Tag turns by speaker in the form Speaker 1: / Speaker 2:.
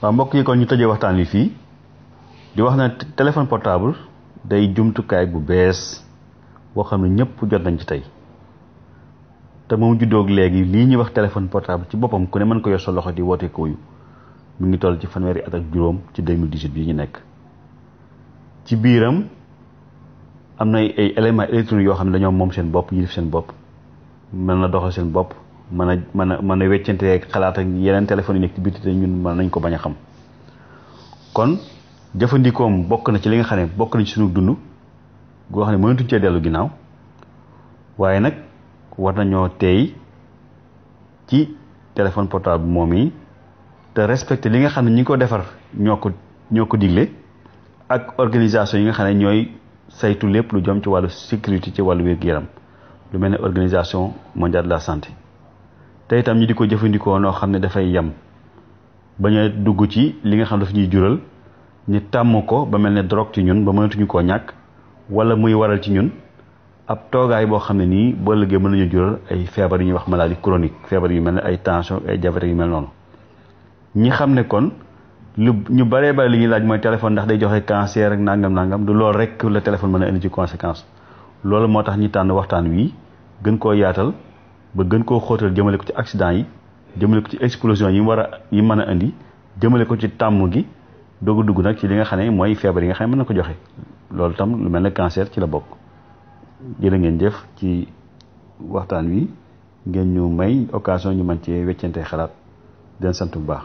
Speaker 1: waa mbokk yi kon ñu tëjee waxtaan wi fii di wax na téléphone portable day jumtukaay bu bees boo xam ne ñëpp jot nañ ci tey te moom juddoog léegi lii ñuy wax téléphone portable ci boppam ku ne mën ko yor sa loxo di woote kooyu mu ngi toll ci fanweeri at ak juróom ci 2018 bii ñu nekk ci biiram am na ay éléments électroniques yoo xam ne dañoo moom seen bopp ñu def seen bopp mën na doxal seen bopp mën a mën a mën a weccante xalaat ak yeneen téléphones yi nekk ci biti te ñun mën nañ ko bañ a xam kon jëfandikoom bokk na ci li nga xam ne bokk na ci suñu dund goo xam ne mënatuñ cee dellu ginnaaw waaye nag war nañoo tey ci téléphone portable moom yi te respecté li nga xam ne ñi ko defar ñoo ko ñoo ko digle ak organisation yi nga xam ne ñooy saytu lépp lu jëm ci wàllu sécurité ci wàllu wér-gu-yaram lu mel ne organisation mondiale la santé te itam ñi di ko jëfandikoo noo xam ne dafay yem bañ a dugg ci li nga xam daf ñuy jural ñu tàmm ko ba mel ne drogue ci ñun ba mënatuñu koo ñàkk wala muy waral ci ñun ab toogaay boo xam ne nii boo ëllëgee mën nañu jural ay feebar yu ñuy wax maladie chronique feebar yu mel ne ay tension ay diabète yu mel noonu ñi xam ne kon lu ñu baree bari li ñuy laaj mooy téléphone ndax day joxe cancer ak nangam nangam du loolu rek la téléphone mën a indi ci conséquence loolu moo tax ñi tànn waxtaan wi gën koo yaatal ba gën koo xóotal jëmale ko ci accident yi jëmale ko ci explosion yi war a yi mën a indi jëmale ko ci tàmm gi doog a dugg nag ci li nga xam ne mooy feebar yi nga xam ne mën na ko joxe loolu tam lu mel ne cancer ci la bokk jërë ngeen jëf ci waxtaan wi ngeen ñu may occasion ñu mën cee weccante xalaat den sant bu baax